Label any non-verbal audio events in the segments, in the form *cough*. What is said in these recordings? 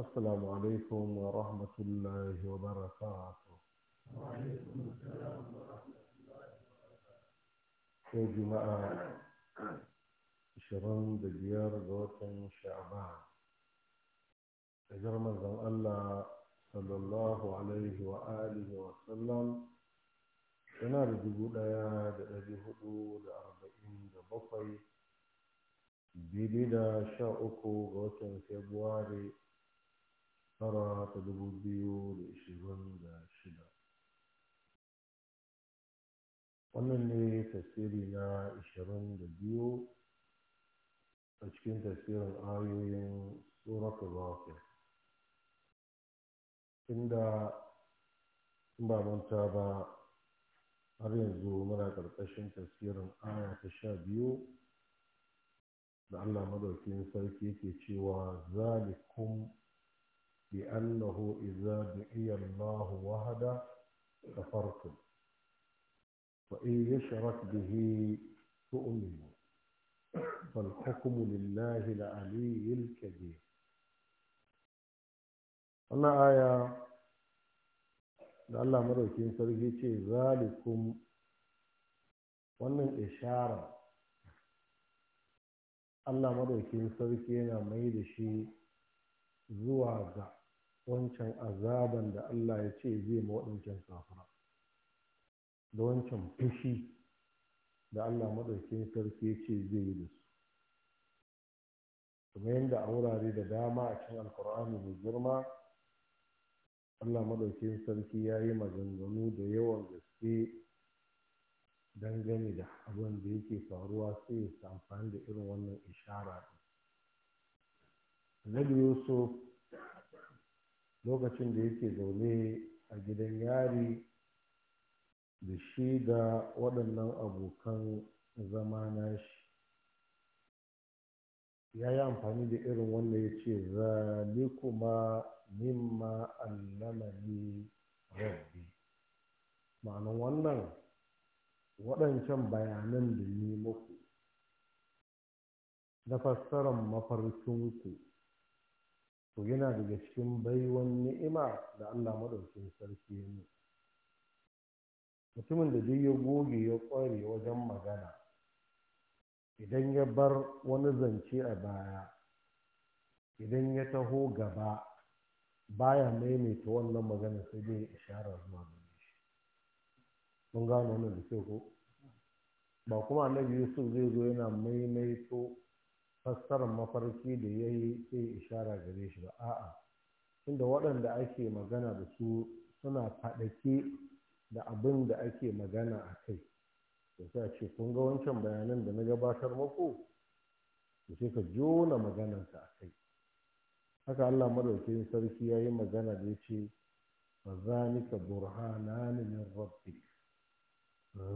السلام عليكم ورحمة الله وبركاته وعليكم السلام ورحمة الله وبركاته يا جماعة شرم دجيار غوتن شعبان أجرم الله صلى الله عليه وآله وسلم tana da dubu ɗaya da ɗari hudu da arba'in da bakwai daidai tara ta dubu biyu da ishirin da shida wannan ne tasiri na ishirin da biyu a cikin tasirin ayoyin tsoratar rafi inda in ba manta ba har yanzu muna ƙarƙashin tasirin aya ta sha biyu da allah madaukin sarki ke cewa zalikum بأنه إذا دعي الله وحده كفرتم وإن يشرك به Lillahi فالحكم لله العلي الكبير wannan aya da Allah maraukin sarki ce zalikum wannan ishara Allah maraukin sarki yana mai da shi zuwa ga wancan azaban da Allah ya ce zai ma waɗancan kafira da wancan fushi da Allah maɗaukin sarki ya ce zai yi da su kuma yadda a wurare da dama a cikin alkur'ani mai girma Allah maɗaukin sarki ya yi maganganu da yawan gaske dangane da abin da yake faruwa sai ya amfani da irin wannan ishara ɗin. Nabi yusuf lokacin da yake zaune a gidan yari da shi da waɗannan abokan zama nashi ya yi amfani da irin wanda ya ce za ni kuma mimma allamani rabbi ma'anin wannan waɗancan bayanan da ni muku na fassarar mafarkinku to yana daga cikin baiwan ni'ima da Allah maɗaukin sarki ya yi mutumin da duk ya goge ya ƙware wajen magana idan ya bar wani zance a baya idan ya taho gaba baya maimaita wannan magana sai dai ishara zuwa gare shi mun gano wannan da kyau ko ba kuma annabi yusuf zai zo yana maimaito fassarar mafarki da ya yi sai ishara gare shi ba a'a inda waɗanda ake magana da su suna faɗake da abin da ake magana a kai da sa ce kun ga wancan bayanan da na gabatar muku da sai ka jona maganarsa a kai haka allah madaukin sarki ya yi magana da ya ce ni za ka burha na min rabbi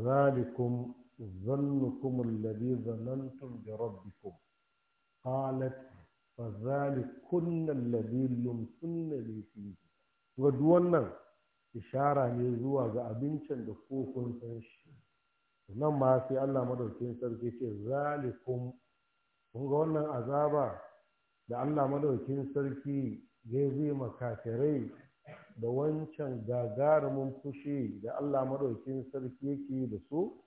zalikum ladi الذي ظننتم rabbikum qalat fa kunna alladhi lumtunna li fihi wannan ishara ne zuwa ga abincin da ko kun san shi nan ma sai Allah madaukakin sarki ce zalikum kun ga wannan azaba da Allah madaukakin sarki ya zai makafirai da wancan gagarumin fushi da Allah madaukakin sarki yake da su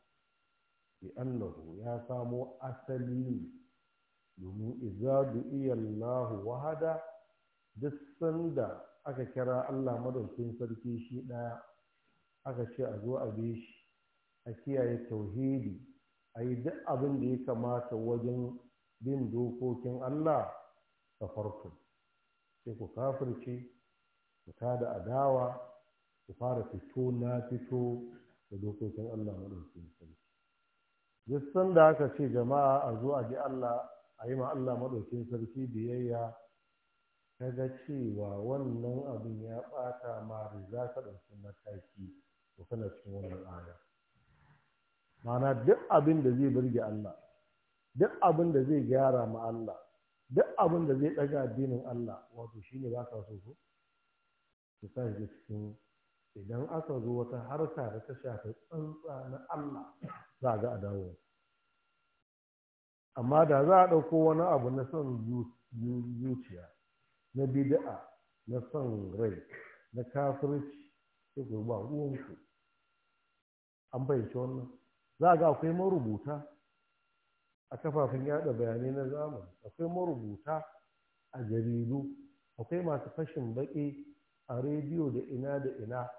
bi annahu ya samo asali domin izadu iyallahu wahada duk sanda aka kira Allah madaukin sarki shi ɗaya aka ce a zo a bi shi a kiyaye tauhidi a yi duk abin da ya kamata wajen bin dokokin Allah da farko sai ku kafirce ku tada adawa ku fara fito na fito da dokokin Allah madaukin sarki duk sanda aka ce jama'a a zo a ji Allah a yi ma Allah maɗaukin sarki biyayya ta ga cewa wannan abin ya ɓata ma riza ka ɗauki mataki to kana cikin wannan aya mana duk abin da zai burge Allah duk abin da zai gyara ma Allah duk abin da zai ɗaga addinin Allah wato shi ne ba ka so ku? Su sa shi cikin idan aka zo wata harka da ta shafi tsantsa na Allah za a ga a dawo amma da za a ɗauko wani abu na son zuciya na bid'a na son rai na kafirci sai ku ba uwanku an bayyace wannan za a ga akwai marubuta a kafafen yada bayanai na zamani akwai marubuta a jaridu akwai masu fashin baƙi a rediyo da ina da ina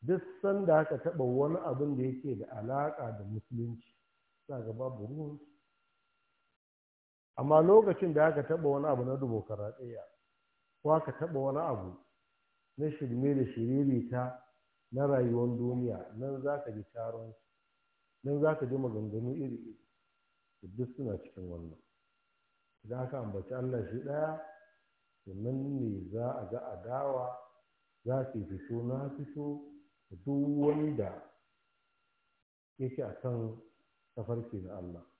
duk sanda aka taɓa wani abin da yake da alaƙa da musulunci za ga babu ruwansu amma lokacin da aka taɓa wani abu na dubo karatsiya ko aka taɓa wani abu na shirme da shiririta na rayuwar duniya nan za ka ji taron nan za ka ji maganganu iri iri duk suna cikin wannan idan aka ambaci allah shi ɗaya nan ne za a ga adawa za su fito na fito duk wanda yake a kan tafarki na allah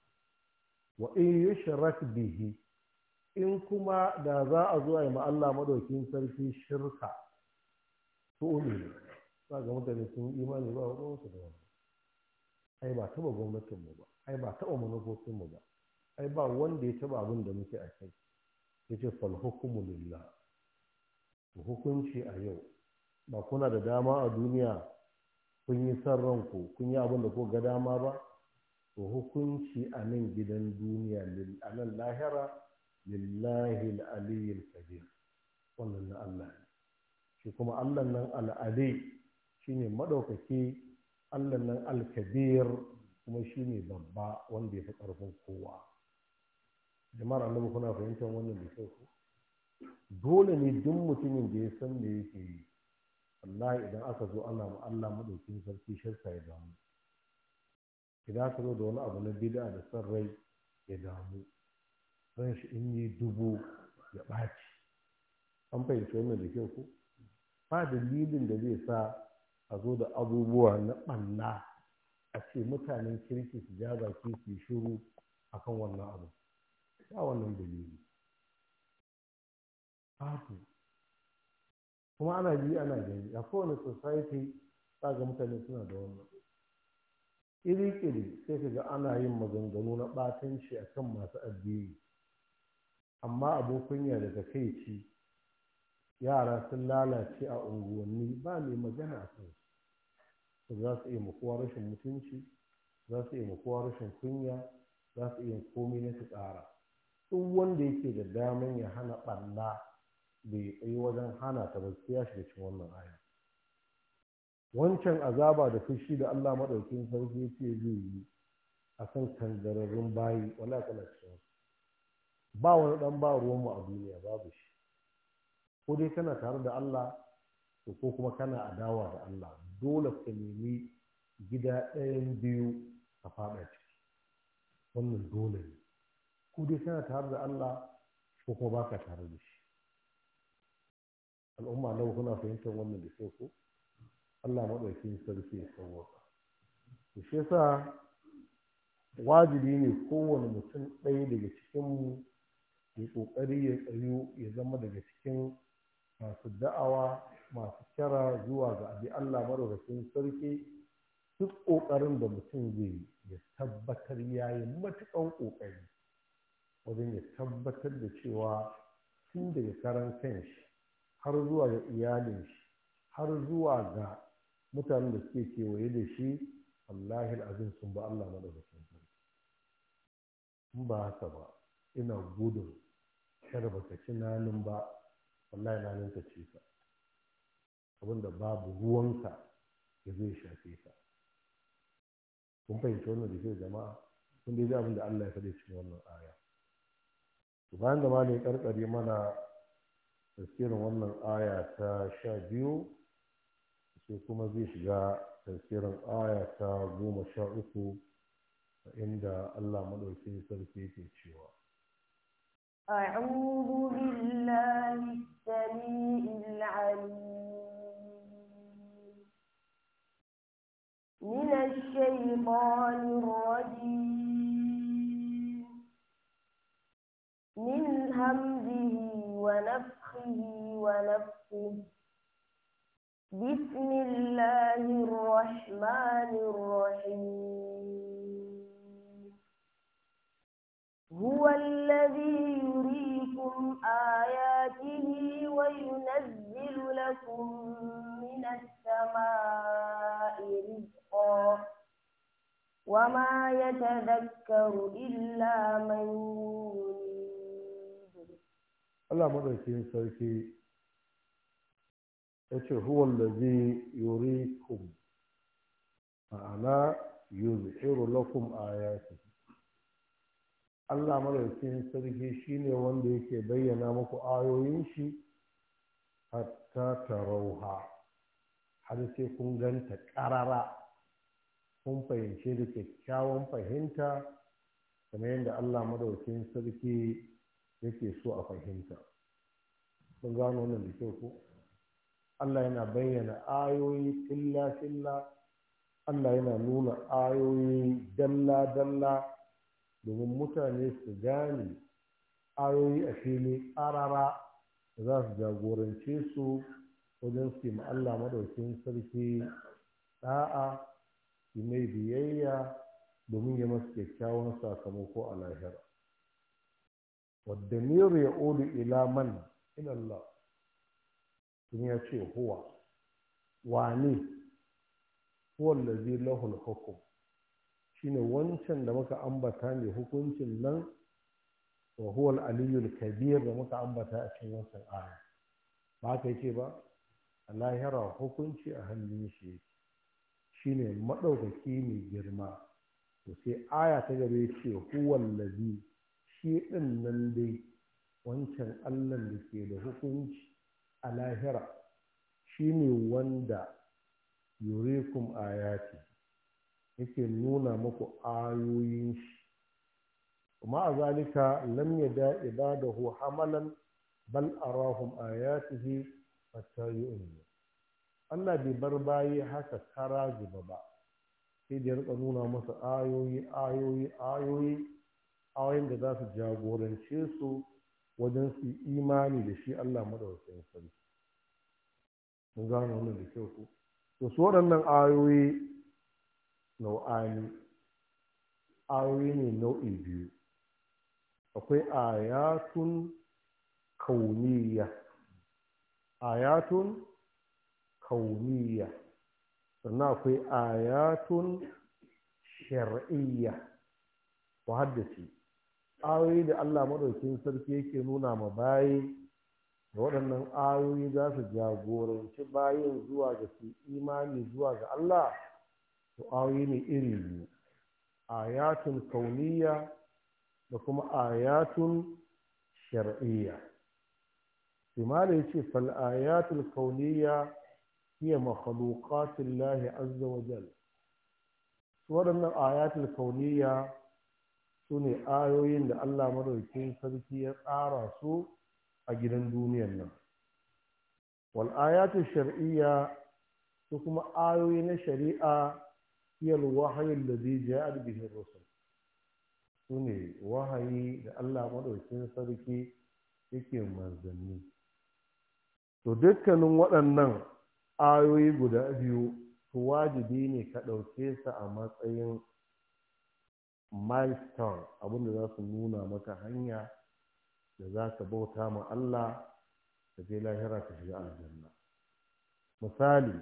wa in yushrak bihi in kuma da za a zo a yi ma'alla Allah madaukin sarki shirka su to ne za ga mutane sun imani ba wa wasu da wani ai ba taba gwamnatin mu ba ai ba taba manufofin mu ba ai ba wanda ya taba abin da muke a kai yace fal hukmu lillah hukunci a yau ba kuna da dama a duniya kun yi san ranku kun yi abin da ko ga dama ba to hukunci a nan gidan duniya a nan lahira lillahi al'aliyyar kabir wannan na Allah ne shi kuma Allah nan al'ali shi ne maɗaukaki Allah nan al-kabir kuma shi ne babba wanda ya fi ƙarfin kowa jama'ar annabi kuna fahimtar wannan da kyau dole ne duk mutumin da ya san me yake yi wallahi idan aka zo ana ma Allah madaukin sarki shirka ya damu idan ka zo da wani abu na bid'a da Sarai rai ya damu ran shi in yi dubu ya ɓaci an fahimci wannan da kyau ko ba dalilin da zai sa a zo da abubuwa na ɓanna a ce mutanen kirki su ja baki su yi shuru akan wannan abu ba wannan dalili babu kuma ana ji ana gani a kowane society ga mutane suna da wannan iri sai ka ga ana yin maganganu na ɓatanci a kan masu addini amma abin kunya daga kai ci yara sun lalace a unguwanni ba mai magana a kan su za su iya makuwa rashin mutunci za su iya makuwa rashin kunya za su iya komai na su tsara duk wanda yake da daman ya hana ɓanna bai tsayi wajen hana ta ba sai shiga cikin wannan aya wancan azaba da fushi da Allah maɗaukin sarki ya ce zai yi a kan kangararrun bayi wala kana shi ba wani dan ba ruwanmu a duniya babu shi ko dai kana tare da Allah ko kuma kana adawa da Allah dole ka nemi gida ɗayan biyu a faɗa ciki wannan dole ne ko dai kana tare da Allah ko kuma baka tare da shi al'umma nawa kuna fahimtar wannan da sai ko Allah maɗaukin sarki ya sauwaka Da shi sa wajibi ne kowane mutum ɗaya daga cikin mu ya ƙoƙari ya tsayo ya zama daga cikin masu da'awa masu kyara zuwa ga abi Allah maɗaukakin sarki duk ƙoƙarin da mutum zai ya tabbatar ya yi matuƙan ƙoƙari wajen ya tabbatar da cewa tun daga karan kanshi har zuwa ga iyalin shi har zuwa ga mutanen da suke kewaye da shi Allahi azim sun ba Allah madaukakin sarki in ba haka ba ina gudun kar ta ci nanin ba wallahi nanin ka ci ka abinda babu ruwanka ya zai shafe ka kun fahimci wannan da zai jama'a kun dai abin da Allah ya faɗi cikin wannan aya to bayan da ya karkare mana tafsirin wannan aya ta sha biyu sai kuma zai shiga tafsirin aya ta goma sha uku inda Allah maɗauki sarki ke cewa أعوذ بالله السميع العليم من الشيطان الرجيم من همزه ونفخه ونفخه بسم الله الرحمن الرحيم هو الذي يريكم آياته وينزل لكم من السماء رزقا وما يتذكر إلا من يريد الله يا سيدي Yace, ce huwan da zai yuri kum ma'ana yuzhiru lakum ayati Allah madaukakin sarki shine wanda yake bayyana muku ayoyin shi hatta tarauha har sai kun ganta ƙarara kun fahimce da kyakkyawan fahimta kamar yadda Allah madaukakin sarki yake so a fahimta. Kun gano wannan da kyau ko? Allah yana bayyana ayoyi filla-filla Allah yana nuna ayoyi dalla-dalla domin mutane su gane ayoyi a fili ƙarara za su jagorance su wajen su ma Allah madaukin sarki ɗa'a su mai biyayya domin ya masu kyakkyawan sakamako a lahira wadda ya odu ila man Allah. in ya ce huwa wane huwa lazi lahul hukum shine wancan da muka ambata ne hukuncin nan wa huwa al-aliyyul kabir da muka ambata a cikin wancan aya ba ka ce ba a lahira hukunci a hannun shi shi shine maɗaukaki mai girma to sai aya ta gaba ya ce huwan lazi shi ɗin nan dai wancan allan da ke da hukunci a lahira shi ne wanda yurikum ayati yake nuna muku ayoyin shi kuma a zalika ila da hu hamalan bal arahum ayatihi hatta yu'minu Allah bai bar bayi haka kara zuba ba sai da ya rika nuna masa ayoyi ayoyi ayoyi ayoyin da za su jagorance su wajen su imani da shi Allah madaukakin sarki mun gano wannan da kyau ko to su waɗannan ayoyi nau'ani ayoyi ne nau'i biyu akwai ayatun kauniya ayatun kauniya sannan akwai ayatun shar'iyya ku haddace ayoyi da Allah maɗaukin sarki yake nuna ma bayi da waɗannan ayoyi za su jagoranci bayin zuwa ga su imani zuwa ga Allah to ayoyi ne iri biyu ayatun kauniya da kuma ayatun shar'iyya kimala ya ce ayatul kauniya hiya makhluqatillahi azza wa jal waɗannan ayatul kauniya su ne ayoyin da Allah madaukin sarki ya tsara su a gidan duniyar nan wal ayatu shar'iyya su kuma ayoyi na shari'a iyal wahayin da zai ja'a bihi rusul su ne wahayi da Allah maɗaukin sarki yake manzanni to dukkanin waɗannan ayoyi guda biyu su wajibi ne ka ɗauke su a matsayin milestone abinda za su nuna maka hanya da za ka bauta ma Allah da je lahira ka shiga aljanna misali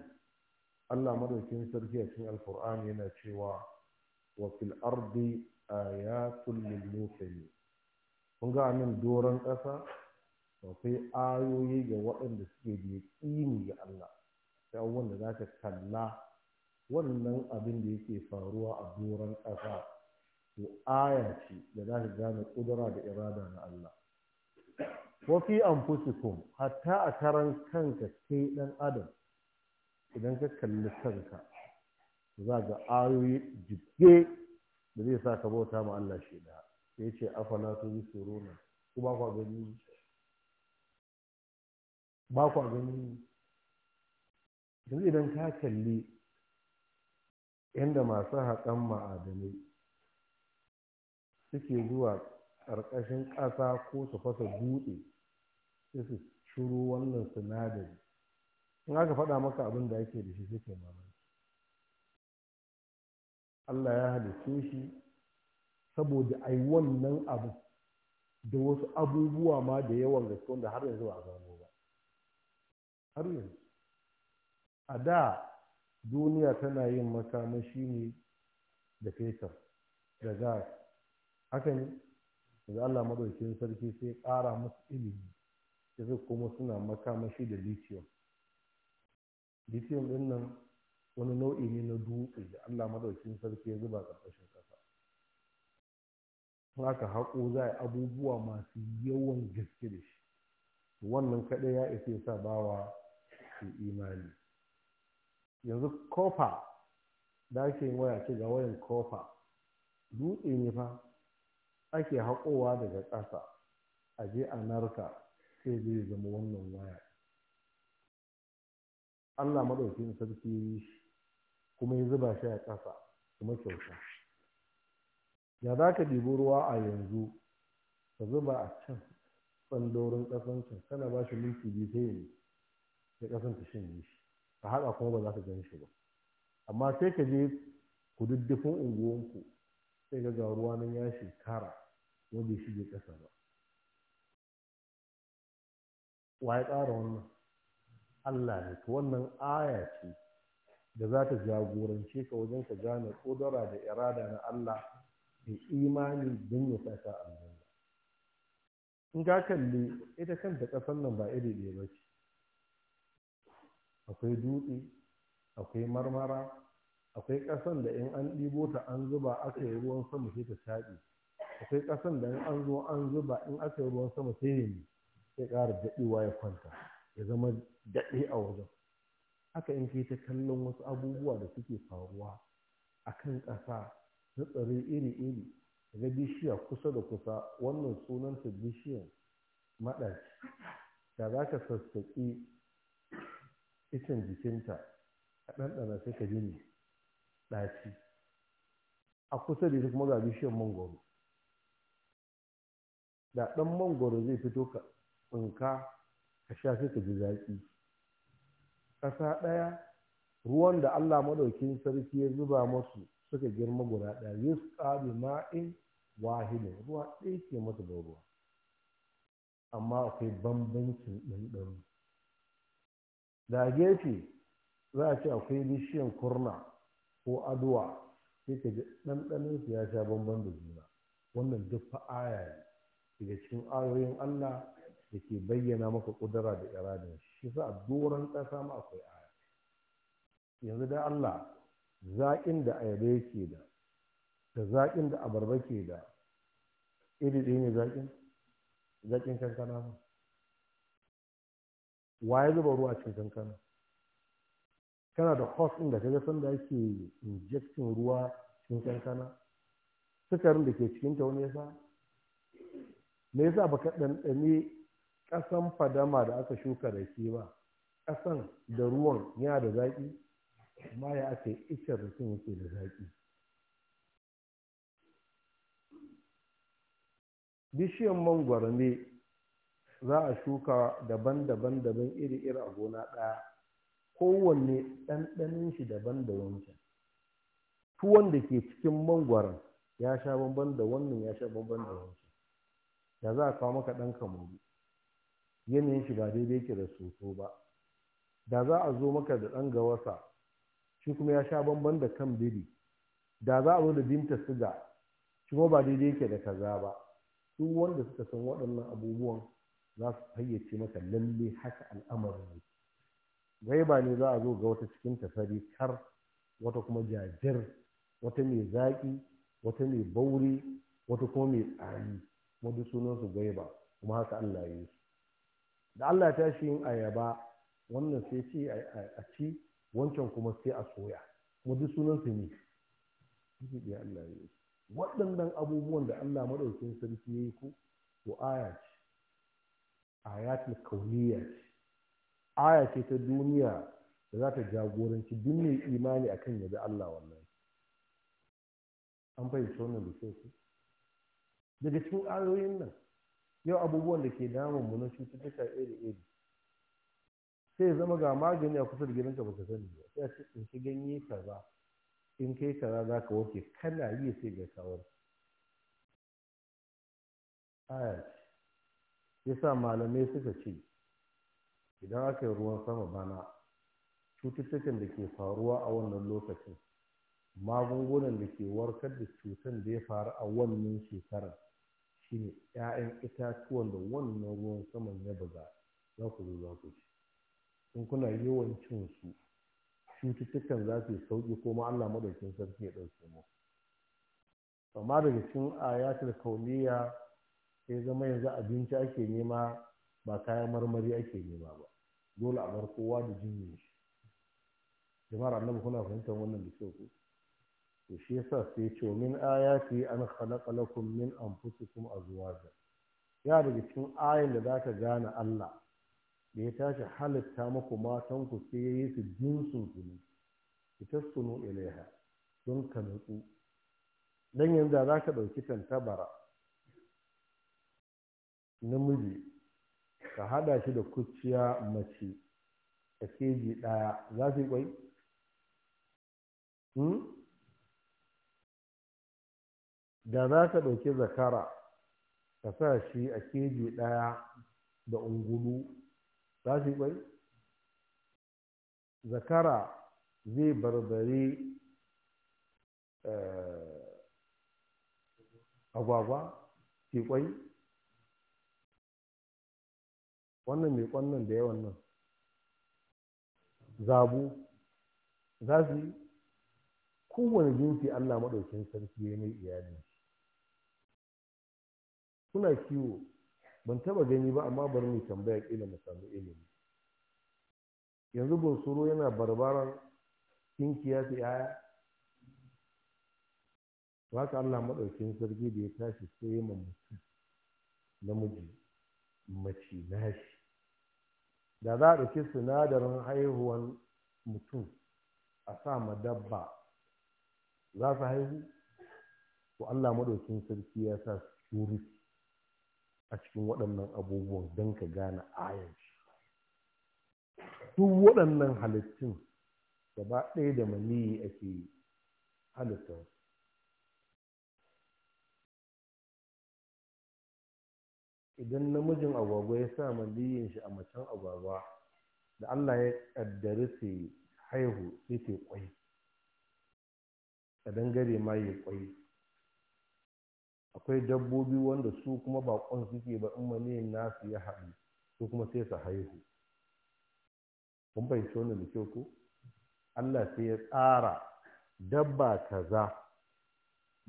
Allah madaukin sarki a cikin alkur'ani yana cewa wa fil ardi ayatul lil muqinin kun ga nan doron ƙasa akwai ayoyi ga waɗanda suke da yaƙini ga Allah sai da za ka kalla wannan abin da yake faruwa a doron ƙasa to aya ce da za ka gane kudura da irada na Allah Ko fi anfusikum hatta a karan kanka sai dan adam idan ka kalli kanka za ga ayoyi jibge da zai sa ka bauta ma Allah shi da ya ce afala tsoro yusuruna ku ba ku gani ba ku gani yanzu idan ka kalli yanda masu haƙan ma'adanai suke zuwa ƙarƙashin ƙasa ko su fasa dutse sai su shuru wannan sinadari in aka faɗa maka abin da ake da shi sai ke mamaki Allah ya halitta shi saboda ai wannan abu da wasu abubuwa ma da yawan gaske wanda har yanzu ba a gano ba har yanzu a da duniya tana yin makamashi ne da fetur da gas haka ne da Allah madaukakin sarki sai ƙara musu ilimi sai kuma suna makamashi da lithium lithium din nan wani nau'i ne na dutse da Allah madaukakin sarki ya zuba ƙarƙashin ƙasa in aka haƙo za a abubuwa masu yawan gaske da shi wannan kaɗai ya isa sa bawa su imani yanzu kofa da ake waya ce ga wayan kofa dutse ne fa ake haƙowa daga ƙasa a je a narka sai zai zama wannan waya Allah maɗaukin sarki yi shi kuma ya zuba shi a ƙasa kuma kyauta ya za ka ɗibi ruwa a yanzu ka zuba a can tsandorin ƙasan can kana ba shi minti biyu yi ya ƙasan ta shanye shi ka haɗa kuma ba za ka gan shi ba amma sai ka je ku duddufin unguwanku sai ga ruwa nan ya shekara wanda bai shige ƙasa ba wa ya tsara wannan Allah ne to wannan aya ce da za ta jagorance ka wajen ka gane kodara da irada na Allah da imani don ya sa a aljanna in ka kalli ita kanta ƙasar nan ba iri ɗaya ba ce akwai dutse akwai marmara akwai ƙasan da in an ɗibo ta an zuba aka yi ruwan sama sai ta shaɗi akwai ƙasan da in an zo an zuba in aka yi ruwan sama sai ya yi. sai ƙara daɗewa ya kwanta ya zama daɗe a wajen haka in kai ta kallon wasu abubuwa da suke faruwa a kan ƙasa na tsare iri-iri daga bishiya kusa da kusa wannan sunanta bishiyan maɗaci da za ka sassaƙi itin jikinta a ɗanɗana sai ka ji ɗaci a kusa da shi kuma ga bishiyar mangoro da ɗan mangoro zai fito ka tsinka ka sha sai ka ji zaƙi ƙasa ɗaya ruwan da Allah maɗaukin sarki ya zuba masu suka girma guda ɗaya su ƙari ma'in wahidin ruwa ɗaya ke masa da ruwa amma akwai bambancin ɗanɗano da gefe za a ce akwai bishiyar kurna ko aduwa sai ka ji ɗanɗanin su ya sha bamban da juna wannan duk fa aya ne daga cikin ayoyin Allah da ke bayyana maka ƙudura da iradin shi sa a doron ƙasa ma akwai aya yanzu da Allah zaƙin da ayaba yake da da zaƙin da abarba ke da iri ɗaya ne zaƙin zaƙin kankana ma wa ya zuba ruwa cikin kankana kana da hos ɗin da ga sanda ake injection ruwa cikin kankana sukarin da ke cikin ta wani yasa me yasa baka ɗanɗane ƙasan fadama da aka shuka da ke ba ƙasan da ruwan yana da zaƙi amma ya aka yi iccen sun yake da zaƙi bishiyan mangwaro ne za a shuka daban-daban daban iri-iri a gona ɗaya kowanne ɗanɗanin shi daban da wancan tuwon da ke cikin mangwaron ya sha bamban da wannan ya sha bamban da wancan da za a kawo maka ɗan kamaru yanayin shi ba daidai yake da soso ba da za a zo maka da ɗan gawasa shi kuma ya sha bamban da kan biri da za a zo da binta siga shi kuma ba daidai yake da kaza ba duk wanda suka san waɗannan abubuwan za su fayyace maka lalle haka al'amarin gaiba ne za a zo ga wata cikin tafari kar wata kuma jajir wata mai zaƙi wata mai bauri wata kuma mai tsari kuma duk sunansu gaiba kuma haka Allah ya yi da Allah ta shi yin ayaba wannan sai ce a ci wancan kuma sai a soya kuma duk sunansu ne Allah ya yi waɗannan abubuwan da Allah maɗaukin sarki ya yi ku to aya ce ayatul kauniya ce aya ce ta duniya da za ta jagoranci duk mai imani akan yabi Allah wannan an fahimci wannan da kyau daga cikin ayoyin nan yau abubuwan da ke damun mu na cututtuka iri iri sai zama ga magani a kusa da gidanka baka sani ba sai a ce in ci ganye kaza in kai ka za ka warke kana yi sai ga kawar aya ce sa malamai suka ce idan aka yi ruwan sama bana cututtukan da ke faruwa a wannan lokacin magungunan da ke warkar da cutan da ya faru a wannan shekarar shine 'ya'yan itatuwan da wannan ruwan saman ya buga za ku zo za ku ci in kuna yawan cin su cututtukan za su yi sauƙi ko ma Allah madaukin sarki ya ɗauke mu amma daga cikin ayatul kauliya sai zama yanzu abinci ake nema ba kayan marmari ake nema ba dole a bar kowa da jinyin shi jama'ar annabi kuna fahimtar wannan da kyau ko to shi yasa sai ce min ayati an khalaqa lakum min anfusikum azwaja ya daga cikin ayin da zaka gane Allah da ya tashi halitta muku matan ku sai yayi su jinsun ku ne ki tasunu ilaiha don ka nutsu dan yanzu za ka dauki tantabara namiji ka haɗa shi da kuciya mace a keji ɗaya za su yi ƙwai? Hmm? da za ka ɗauki zakara ka sa shi a keji ɗaya da ungulu za su yi ƙwai? zakara zai barbari eh, agwagwa ke ƙwai? wannan mai kwannan da yawan nan zabu za su yi kowane jinsi allah maɗaukin sarki ya mai iyali suna kiwo ban taba gani ba amma bari mu tambaya ƙila mu samu ilimi yanzu bunsuru yana barbaran ya su yaya ka allah maɗaukin sarki da ya tashi sai ya mamaki namiji mace nashi da za a ɗauki sinadarin haihuwan mutum a sa ma dabba za su haihu ko Allah maɗaukin sarki ya sa security a cikin waɗannan abubuwan don ka gane ayan shi duk waɗannan halittun gaba ɗaya da maniyi ake halittarsu idan namijin agwagwa ya sa maliyin shi a macen agwagwa da Allah ya kaddari su haihu sai ta kwai dangare ma ya kwai akwai dabbobi wanda su kuma bakon suke ba in maliyin nasu ya haɗu su kuma sai su haihu kun fahimci wannan da kyau ko Allah sai ya tsara dabba kaza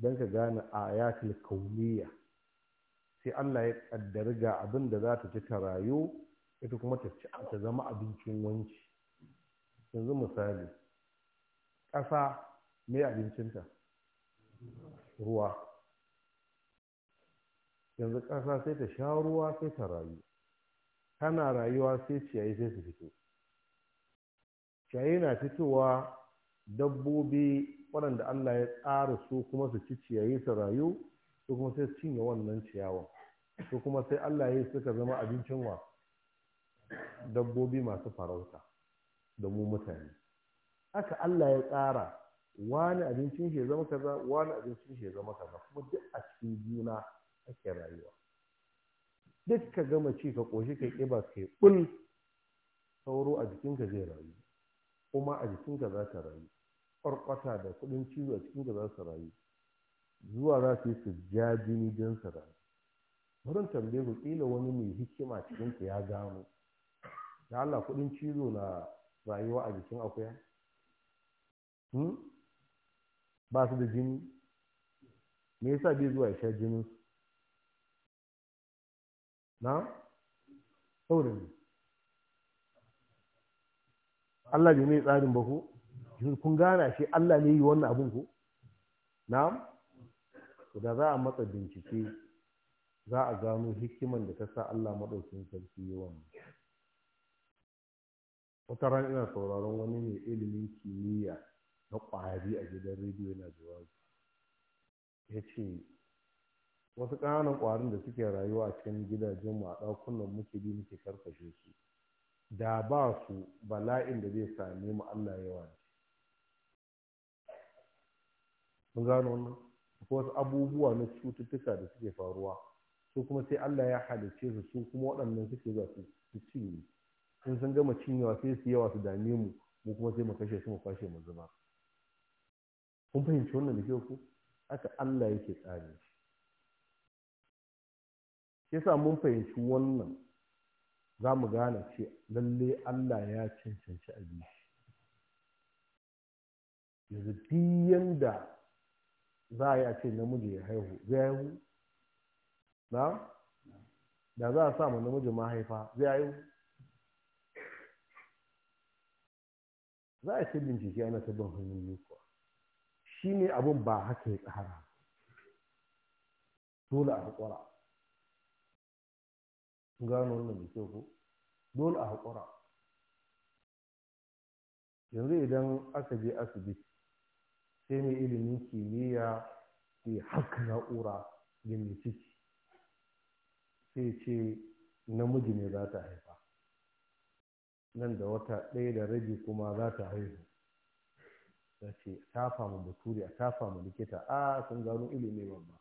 don ka gane ayatul kauniya sai Allah ya kaddari ga abin da za ta ci ta rayu ita kuma ta ci ta zama abincin wanci yanzu misali ƙasa me abincinta ruwa yanzu ƙasa sai ta sha ruwa sai ta rayu tana rayuwa sai ciyayi sai su fito ciyayi na fitowa dabbobi waɗanda Allah ya tsara su kuma su ci ciyayi su rayu su kuma sai cinye wannan ciyawan su kuma sai Allah ya suka zama abincin wa dabbobi masu farauta da mu mutane haka Allah ya tsara wani abincin shi ya zama kaza wani abincin shi ya zama kaza kuma duk a cikin juna ake rayuwa duk ka gama ci ka ƙoshi ka kiba ka bul sauro a jikinka zai rayu kuma a jikinka za ta rayu ƙwarƙwata da kuɗin ciwo a jikinka za su rayu zuwa za su yi su ja jini don su rayu murin tambaye ku kila wani mai hikima cikin ku ya gano da Allah kudin cizo na rayuwa a jikin akuya hmm? ba su da jini me yasa bai zuwa ya sha jinin su na saurin Allah bai mai tsarin ba ku kun gana shi Allah ne yi wannan abin ku? na'am da za a matsa bincike za a gano hikiman da ta sa Allah maɗaukin sarki yi wannan wata ran ina sauraron wani mai ilimin kimiyya na ƙwari a gidan rediyo na jawabi ya ce wasu ƙananan ƙwarin da suke rayuwa a cikin gidajen mu a ɗakunan muke bi muke karkashe su da ba su bala'in da zai same mu Allah yawa Mun gano wannan? akwai wasu abubuwa na cututtuka da suke faruwa su kuma sai Allah ya halice su su kuma waɗannan suke za su cinye in sun gama cinyewa sai su yawa su dame mu mu kuma sai mu kashe su mu kwashe mu zama. kun fahimci wannan da ke ku haka Allah yake tsari shi yasa mun fahimci wannan za mu gane ce lalle Allah ya cancanci abinci yanzu duk yanda za a yi a ce namiji ya haihu zai haihu na da za a sa ma haifa, mahaifa zai haihu za a ce bincike ana ta ban hanyoyi kuwa shi ne abin ba haka ya tsara dole a haƙura gano wannan da kyau ko dole a haƙura yanzu idan aka je asibiti sai mai ilimin kimiyya ke haka na'ura da mai ciki sai ce namiji ne za ta haifa nan da wata ɗaya da rabi kuma za ta haihu ta ce ta famu bature ta famu likita a sun gano ilimi babba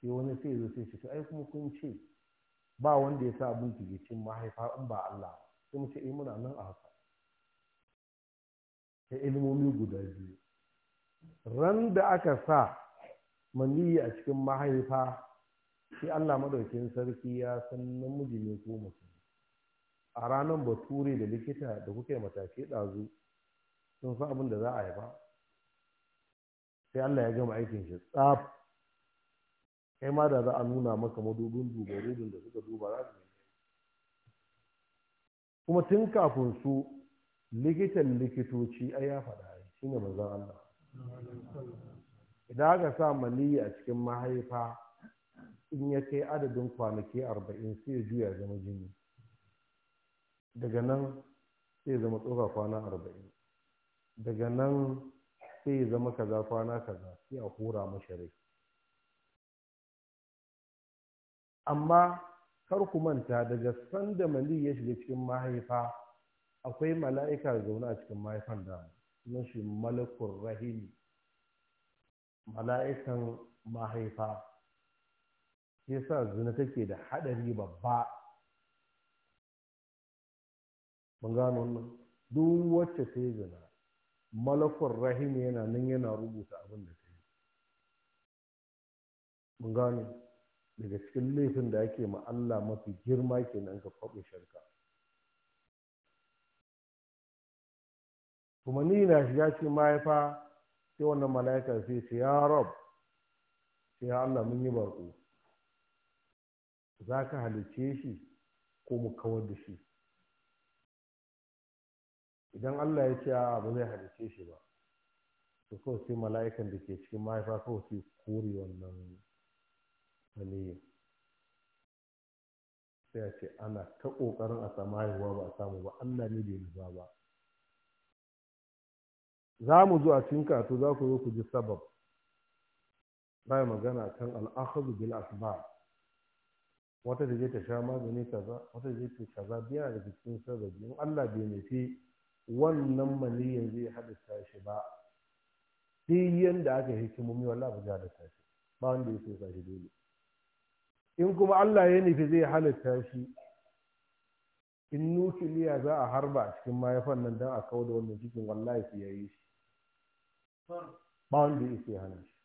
sai wani sai zo sai shi ai kuma kun ce ba wanda ya sa abin jikin mahaifa in ba Allah sai mu ce eh muna nan a haka ta ilmomi guda biyu ran da aka sa maniyi a cikin mahaifa shi Allah madaukin sarki ya san namiji ne ko mace a ranar bature da likita da kuke matashi ɗazu sun san abin da za a yi ba sai Allah ya gama aikin shi tsaf kai ma da za a nuna maka madubin dubarudin da suka duba za su kuma tun kafin su likitan likitoci ai ya faɗa shi ne mazan Allah idan aka sa maliyi a cikin mahaifa in ya kai adadin kwanaki arba'in sai ya juya zama jini daga nan sai ya zama tsoka kwana arba'in daga nan sai ya zama kaza kwana kaza sai a hura mashi amma kar ku manta daga sanda maliyya ya shiga cikin mahaifa akwai mala'ika zaune a cikin mahaifan da sunan shi malakun rahimi mala'ikan mahaifa yasa zina take da haɗari babba mun gano wannan duk wacce ta yi zina malakun rahimi yana nan yana rubuta abin da ta yi mun gano daga cikin laifin da ake ma Allah mafi girma kenan ka faɗi sharka kuma ni na shiga cikin mahaifa sai wannan mala'ika sai ce ya rob sai ya Allah mun yi baƙo za ka halice shi ko mu kawar da shi idan Allah ya ce a ba zai halice shi ba to sai mala'ikan da ke cikin mahaifa kawai sai kore wannan maniyin sai a ce ana ta ƙoƙarin a samu haihuwa ba a samu ba Allah ne bai nufa ba za mu zo a cikin to za ku zo ku ji sabab bai magana kan al'akhadhu bil asba wata da ta sha magani kaza wata da ta kaza biya da cikin sababi in Allah bai nufi wannan maniyan zai hadasa shi ba sai yanda aka hikimomi wallahi ba da tashi ba wanda ya so shi dole in kuma Allah ya nufi zai halitta shi in nukiliya za a harba a cikin mahaifan nan don a kawo da wannan cikin wallahi su yayi shi ba wanda ya isa hana shi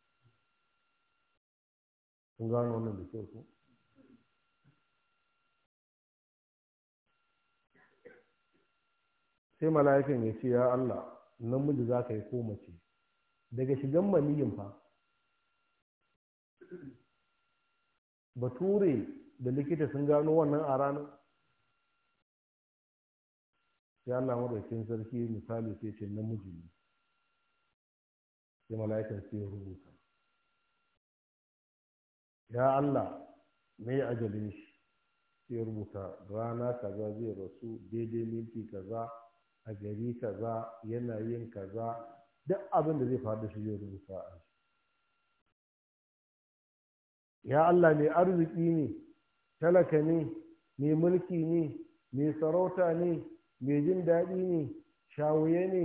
kun gano wannan da kyau ko sai mala'ikan ya ce ya Allah namiji za ka yi ko mace daga shigan maniyin fa bature da likita sun gano wannan a ranar ya Allah maɗaukin sarki misali sai ce namiji ne sai mala'ikar sai ya rubuta ya Allah mai ajalin shi sai ya rubuta rana kaza zai rasu daidai minti kaza a gari kaza yanayin kaza duk abin da zai faɗi shi zai rubuta a shi ya Allah mai arziki ne talaka ne mai mulki ne mai sarauta ne mai jin daɗi ne shawuye ne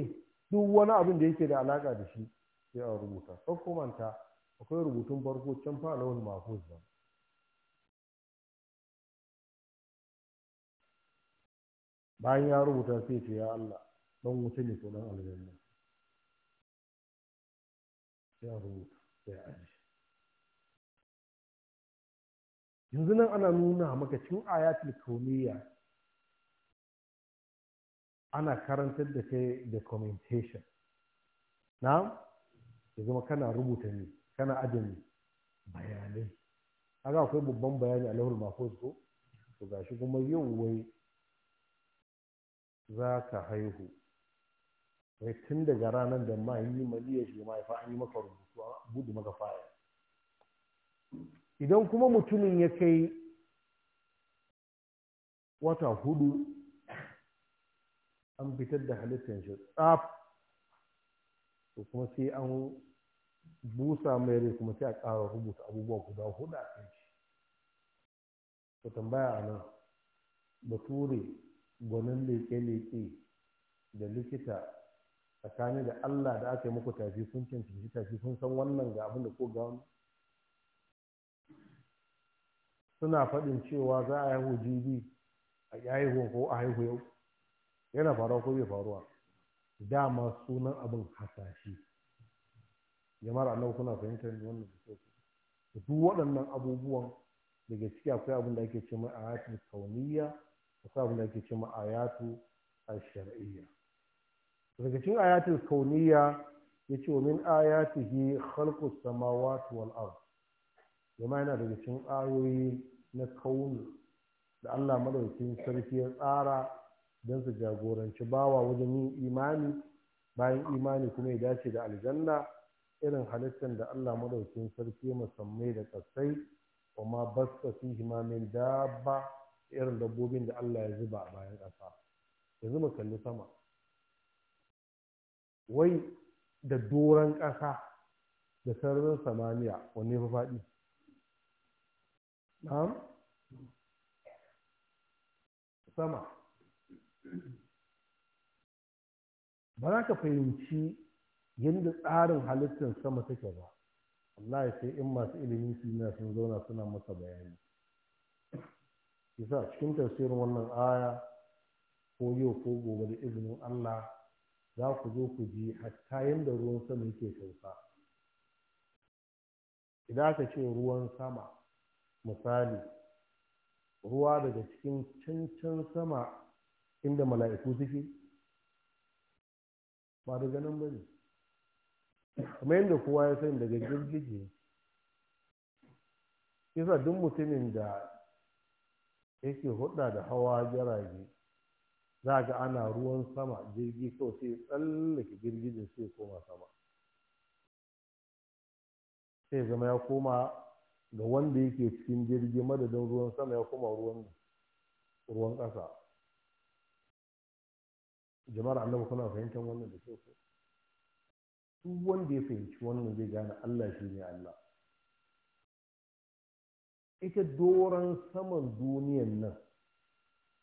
duk wani abin da yake da alaƙa da shi sai a rubuta ɗauko manta akwai rubutun farko can fa wani mahfuz ba bayan ya rubuta sai ce ya Allah don wuta ne sunan aljanna sai rubuta sai a aji yanzu nan ana nuna maka cikin ayatul kauniya ana karantar da kai documentation na ya zama kana rubuta ne kana ajin bayanai A ga akwai babban bayani a lahul mahfuz ko to gashi kuma yau wai za ka haihu wai tun daga ranar da ma yi maliyar shi ma fa an yi maka rubutu a budu maka faya idan kuma mutumin ya kai wata hudu an fitar da halittar shi tsaf to kuma sai an busa mai rai kuma sai a ƙara rubuta abubuwa guda hudu a kan shi ka tambaya a nan bature gwanin leke-leke da likita tsakanin da allah da aka yi muku tafi sun cancanci tafi sun san wannan ga abin da ko ga wani suna faɗin cewa za a haihu jibi a haihu ko a haihu yau yana faruwa ko bai faruwa dama sunan abin hasashe jama'ar Allah suna fahimtar wannan da duk waɗannan abubuwan daga ciki akwai abin da ake cewa Ayatu ayatul kauniyya da abin da ake cewa ayatu ash-shar'iyya daga cikin ayatul kauniyya yace wa min ayatihi khalqus samawati wal ard jama'a yana daga cikin ayoyi na kauni da Allah madaukakin sarki ya tsara don su jagoranci bawa wajen yin imani bayan imani kuma ya dace da aljanna irin halittar da Allah madaukin sarki musammai da kasai kuma basta fihi ma min dabba irin dabbobin da Allah ya zuba a bayan ƙasa yanzu mu kalli sama wai da doron ƙasa da sararin samaniya wanne ya faɗi na'am sama ba za ka fahimci yadda tsarin halittar sama take ba Allah ya sai in masu ilimin suna sun zauna suna masa bayani isa cikin tafsirin wannan aya ko yau ko gobe da izinin Allah za ku zo ku ji hatta yadda ruwan sama yake sauka idan aka ce ruwan sama misali ruwa daga cikin cancan sama inda mala'iku suke ba daga nan ba ne kuma yadda kowa ya sani daga girgije kisa duk mutumin da yake hudda da hawa jirage za ga ana ruwan sama jirgi kawai sai tsallake girgijin sai koma sama sai zama ya koma ga wanda yake cikin jirgi madadin ruwan sama ya koma ruwan ruwan ƙasa jama'ar annabu kuna fahimtar wannan da kyau duk wanda ya fahimci wannan zai gane Allah shi ne Allah ita doron saman duniyan nan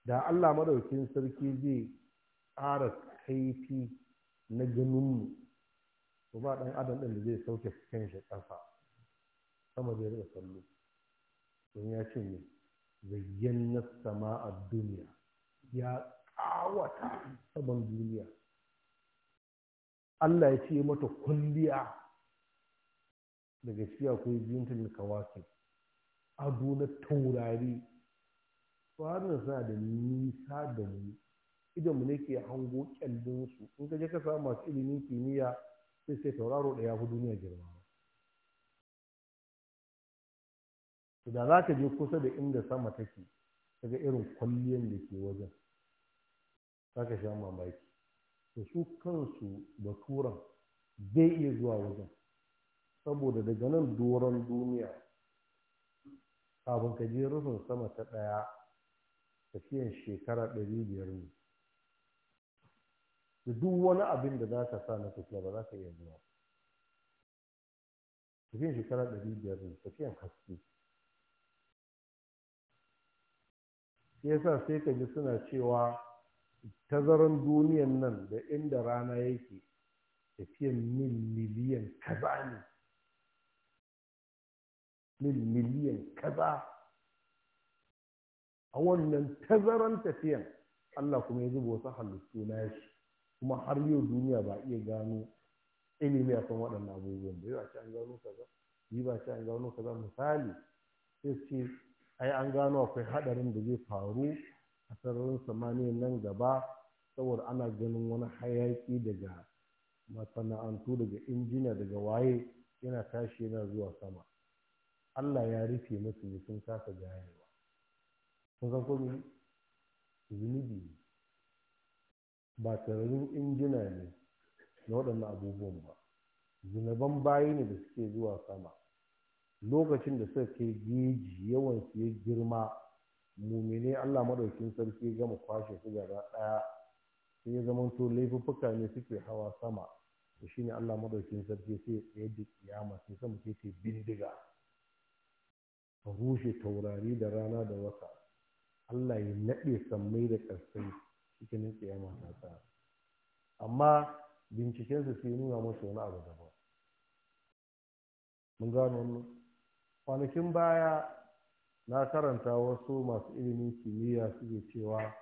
da Allah madaukin sarki zai ƙara kaifi na ganinmu to ba ɗan adam ɗin da zai sauke kan shi ƙasa sama zai rika kallo don ya ce ne zayyan na sama a duniya ya ƙawata saman duniya Allah ya ce mata kulliya daga shi akwai da kawakin ado na taurari farin suna da nisa da mu idan mu ne ke hango kyallin su in ka je ka samu masu ilimin kimiyya sai sai tauraro da ya fi duniya girma da za ka je kusa da inda sama take daga irin kwalliyan da ke wajen za ka sha mamaki to su kansu baturan zai iya zuwa wajen saboda daga nan doron duniya abin ka je rufin sama ta ɗaya tafiyan shekara ɗari biyar ne da duk wani abin da za ka sa na tafiya ba za ka iya zuwa tafiyan shekara ɗari biyar ne tafiyan haske ya sa sai ka ji suna cewa tazaran duniyan nan da inda rana yake tafiyan mil miliyan kaza ne mil miliyan kaza a wannan tazaran tafiyan Allah kuma ya zuba wasu halittu na shi kuma har yau duniya ba iya gano ilimi a kan waɗannan abubuwan da yau a ce an gano kaza yi ba ce an gano kaza misali sai ce ai an gano akwai haɗarin da zai faru a sararin samaniya nan gaba saboda ana ganin wani hayaki daga masana'antu daga injina daga waye yana tashi yana zuwa sama Allah ya rufe masu ne sun kasa gayewa. sun san kuma zunubi ba tararin injina ne na waɗannan abubuwan ba zunuban bayi ne da suke zuwa sama lokacin da suka kai geji yawan su ya girma mumine Allah madaukin sarki gama kwashe su gaba ɗaya sai ya zama to laifuffuka ne suke hawa sama to shine Allah madaukin sarki sai ya yi kiyama sai sama ke ce bindiga ka rushe taurari da rana da wata Allah ya naɗe sammai da ƙarsai cikin kiyama ta ta amma bincikensa sai nuna masa wani abu daban mun gano wannan kwanakin baya na karanta wasu masu ilimin kimiyya suke cewa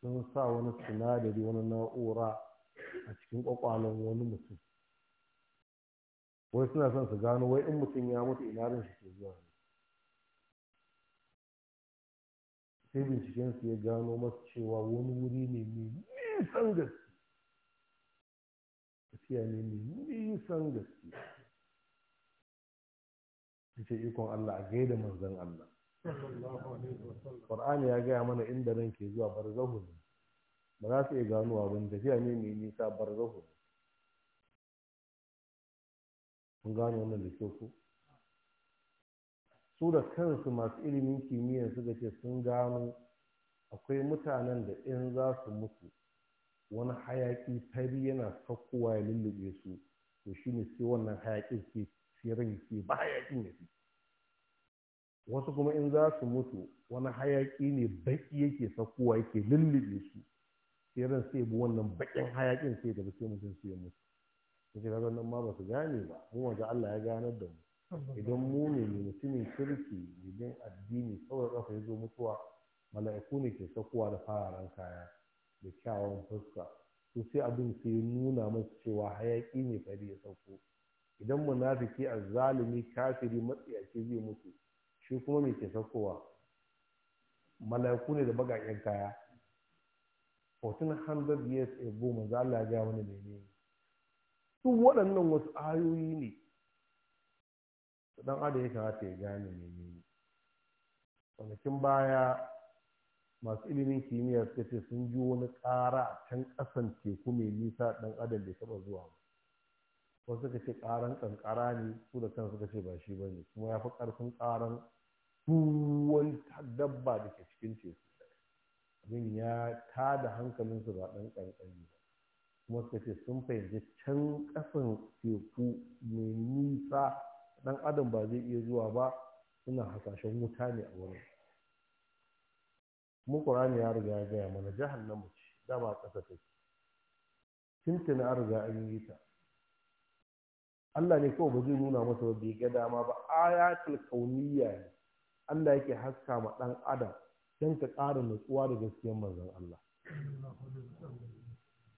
sun sa wani sinadari wani na'ura a cikin kwakwalon wani mutum wai suna son su gano wai in mutum ya mutu ina ran shi ke zuwa ne sai bincikensu ya gano masu cewa wani wuri ne ne mai nisan gaske ce ikon Allah a gaida manzon Allah Qur'ani ya gaya mana inda ran ke zuwa barzahu ne ba za su iya ganowa ban tafiya ne mai nisa barzahu ne kun gano wannan da kyau ku su da kansu masu ilimin kimiyya suka ce sun gano akwai mutanen da in za su mutu wani hayaki fari yana sakkowa ya lullube su to shi ne sai wannan hayakin ke siran ke ba hayaƙi ne su wasu kuma in za su mutu wani hayaƙi ne baƙi yake sakowa yake lullube su siran sai bi wannan baƙin hayaƙin sai da bakin mutum sai mutu kace da nan ma ba su gane ba mu wanda Allah ya ganar da mu idan mu ne mutumin kirki idan addini saboda kafa ya zo mutuwa mala'iku ne ke sakowa da fararen kaya da kyawun fuska to sai abin sai nuna masu cewa hayaƙi ne fari ya sauko idan munafiki azzalumi kafiri matsiyaci zai mutu shi kuma mai ke sakowa mala'iku ne da bagaƙen kaya 1400 years ago manzo Allah ya ga wani menene su waɗannan wasu ayoyi ne ɗan adam ya kamata ya gane menene kwanakin baya masu ilimin kimiyya suka ce sun ji wani ƙara can ƙasan teku mai nisa ɗan adam bai taɓa zuwa ba wasu suka ce ƙaran ƙanƙara ne su da kansu suka ce ba shi ba ne kuma ya fi ƙarfin ƙaran tuwon dabba da ke cikin teku abin ya ta da hankalinsu ba ɗan ƙanƙani ba kuma suka ce sun fahimci can ƙasan teku mai nisa ɗan adam ba zai iya zuwa ba suna hasashen wuta ne a wurin kuma ƙur'ani ya riga ya gaya mana jihar ce dama ƙasa take tuntuna an riga an yi ta Allah ne kawai ba zai nuna masa ba bai ga dama ba ayatul kauniyya ne Allah yake haska ma dan adam don ka ƙara nutsuwa da gaskiyar manzon Allah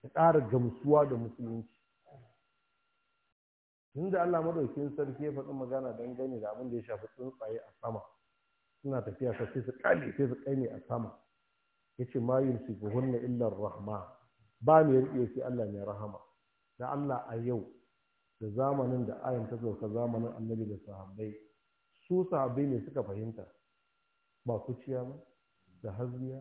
ka ƙara gamsuwa da musulunci da Allah madaukin sarki ya faɗi magana dangane da abin da ya shafi tsuntsaye a sama suna tafiya ka sai su kale sai su kaine a sama yace ma yumsiku illa rahma ba mai rike sai Allah mai rahama da Allah a yau da zamanin da ayin ta sauka zamanin annabi da sahabbai su sahabbai ne suka fahimta ba kuciya ba da hazmiya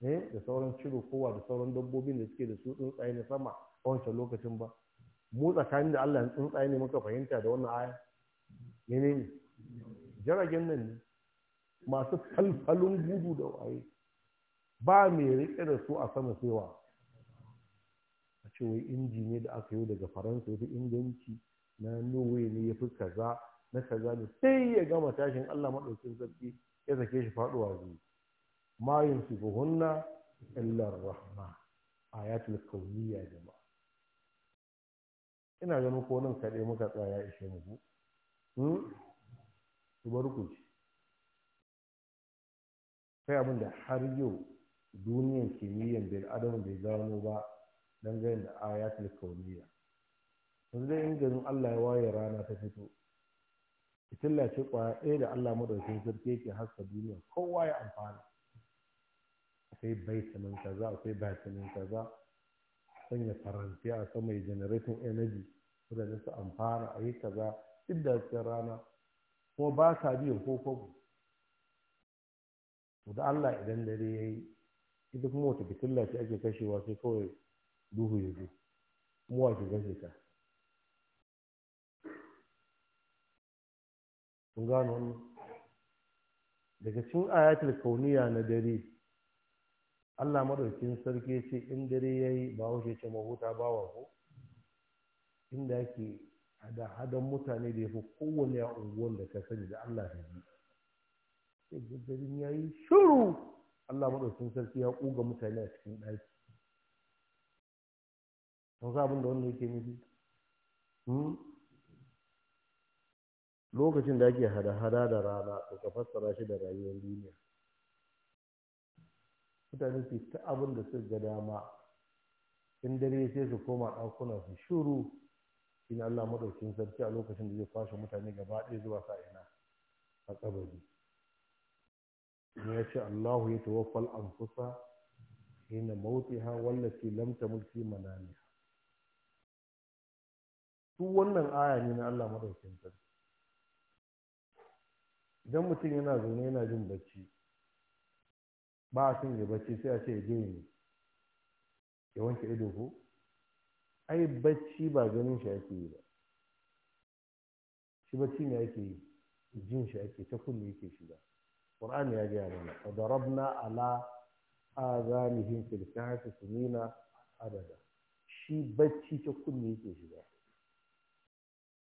eh da sauran ciro kowa da sauran dabbobin da suke da su tsuntsaye na sama a wancan lokacin ba mu tsakanin da Allah tsuntsaye ne muka fahimta da wannan aya ne jiragen nan ne masu falfalun gudu da waye ba mai riƙe da su a sama sewa cewa inji ne da aka yi daga faransa ya fi inganci na norway ne ya fi kaza na kaza ne sai ya gama tashin allah maɗaukin sarki ya sake shi faɗuwa zai Mayun su ga hunna illar rahma ayatul kauniya jama'a ina ganin ko nan kaɗai muka tsaya ishe mu ku hmm? bar ku ci kai abin da har yau duniyan kimiyyan bil adam bai gano ba ganin da ayatul kauniya yanzu dai in garin Allah ya waye rana ta fito fitilla ce kwaya ɗaya da Allah madaukakin sarki yake haska duniya kowa ya amfana akwai baitamin kaza akwai baitamin kaza sanya faranti a sama ya generating energy da su amfana a yi kaza duk da cikin rana kuma ba sa biyan ko kogo da Allah idan dare ya yi ita kuma wata fitilla ce ake kashewa sai kawai duhu ya zo kuma wa ke kashe ka gano wannan daga cikin ayatul kauniya na dare Allah maɗaukin sarki ya ce in dare ya yi ba wuce ce mahuta ba wa ko inda yake hada hadan mutane da ya fi kowane ya unguwan da ka sani da Allah ya yi sai gaggarin yi shiru Allah maɗaukin sarki ya ƙuga mutane a cikin ɗaki wasu abin da wanda yake nufi hmm? lokacin da ake hada-hada da rana to ka fassara shi da rayuwar duniya mutane su ta abin da su ga dama in dare sai su koma ɗakuna su shuru shine Allah madaukin sarki a lokacin da zai kwashe mutane gaba ɗaya zuwa sa'ina a ne. ya ce Allahu ya tawaffal anfusa hina mautiha wallati lam tamut fi manamiha duk wannan aya ne na Allah madaukakin sarki idan mutum yana zaune yana jin bacci ba a son ya bacci sai a ce ya je ne ya wanke ido ko ai bacci ba ganin shi ake yi ba shi bacci ne ake yi jin shi ake ta kulle yake shiga qur'ani ya gaya mana fa darabna ala azanihim fil kahfi sunina adada shi bacci ta kulle yake shiga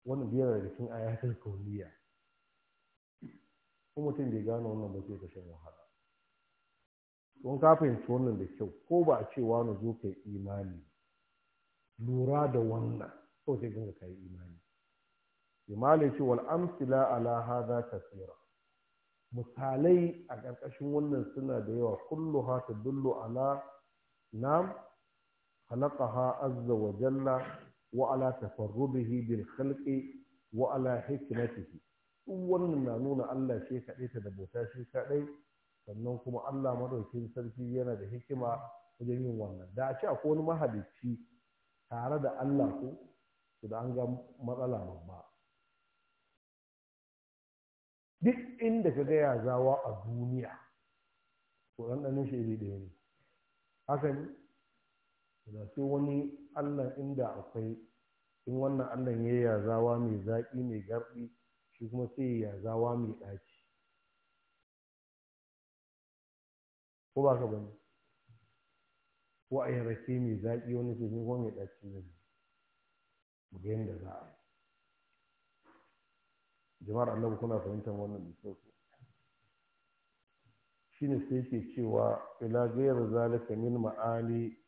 wannan biyar daga cikin ayatul kauniya kuma mutum bai gano wannan ba sai kashe wahala don ka fahimci wannan da kyau ko ba a ce na zo kai imani lura da wannan kawai sai ganga kai imani imani ce wal amsila ala ka kasira misalai a ƙarƙashin wannan suna da yawa kullu ha ta dullu ala nam khalaqaha azza wa jalla wa ala tafarrudihi bil khalqi wa ala hikmatihi wannan na nuna Allah shi kaɗai ta da shi kaɗai sannan kuma Allah madaukin sarki yana da hikima wajen yin wannan da a ce akwai wani mahalicci tare da Allah ko to da an ga matsala babba duk inda ka gaya zawa a duniya to ɗanɗanin shi iri ɗaya ne haka ne da sai wani allah inda akwai in wannan allah ya yi yazawa mai zaƙi mai garɗi shi kuma sai ya yazawa mai ɗaci ko ba ka bane ko a yi rake mai zaƙi wani sai ko mai ɗaci ne mu ga yadda za a jama'ar jama'ar annabi kuna fahimtar wannan da kyau ne sai ke cewa ila ghayr zalika min ma'ali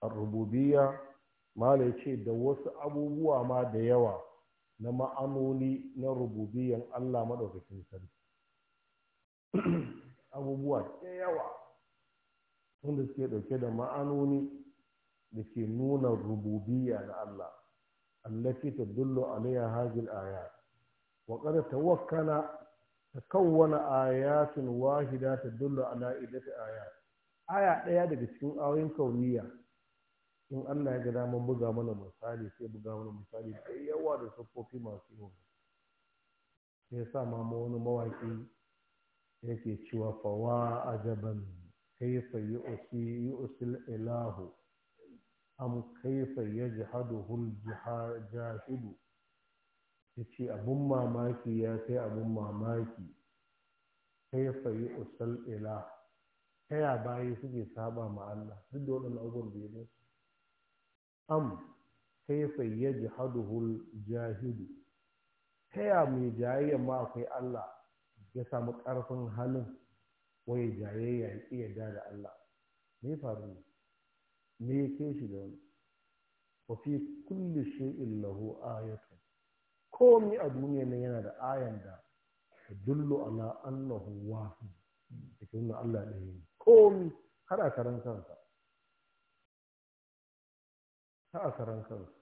ar-rububiyya mala ce da wasu abubuwa ma da yawa na ma'anoni na rububiyyan Allah madaukakin sarki *clears throat* abubuwa da yawa wanda suke dauke da ma'anoni da ke nuna rububiyya na Allah allati tadullu alayha hadhihi al-ayat wa qad tawakkala takawwana ayatun wahida tadullu ala iddati ayat aya daya daga cikin ayoyin kauniya in Allah ya ga daman buga mana misali sai buga mana misali da yawa da siffofi masu yawa sai sa ma wani mawaki yake cewa fawa ajaban kaifa yu'si yu'sil ilahu am kaifa yajhaduhu al-jahidu yace abun mamaki ya kai abun mamaki kaifa yu'sil ilahu. ta ya bayi suke saba ma Allah duk da waɗannan abubuwan da ya am kaifa yajhaduhu jahidu ta taya mai jayayya ma akwai Allah ya samu ƙarfin halin wai jayayya ya iya da Allah me faru me yake shi da wani wa fi kulli shay'in lahu ayatu komai a duniya nan yana da ayan da dullu ala annahu wahid da Allah ɗaya ne komai har a karan kansa ta a karan kansu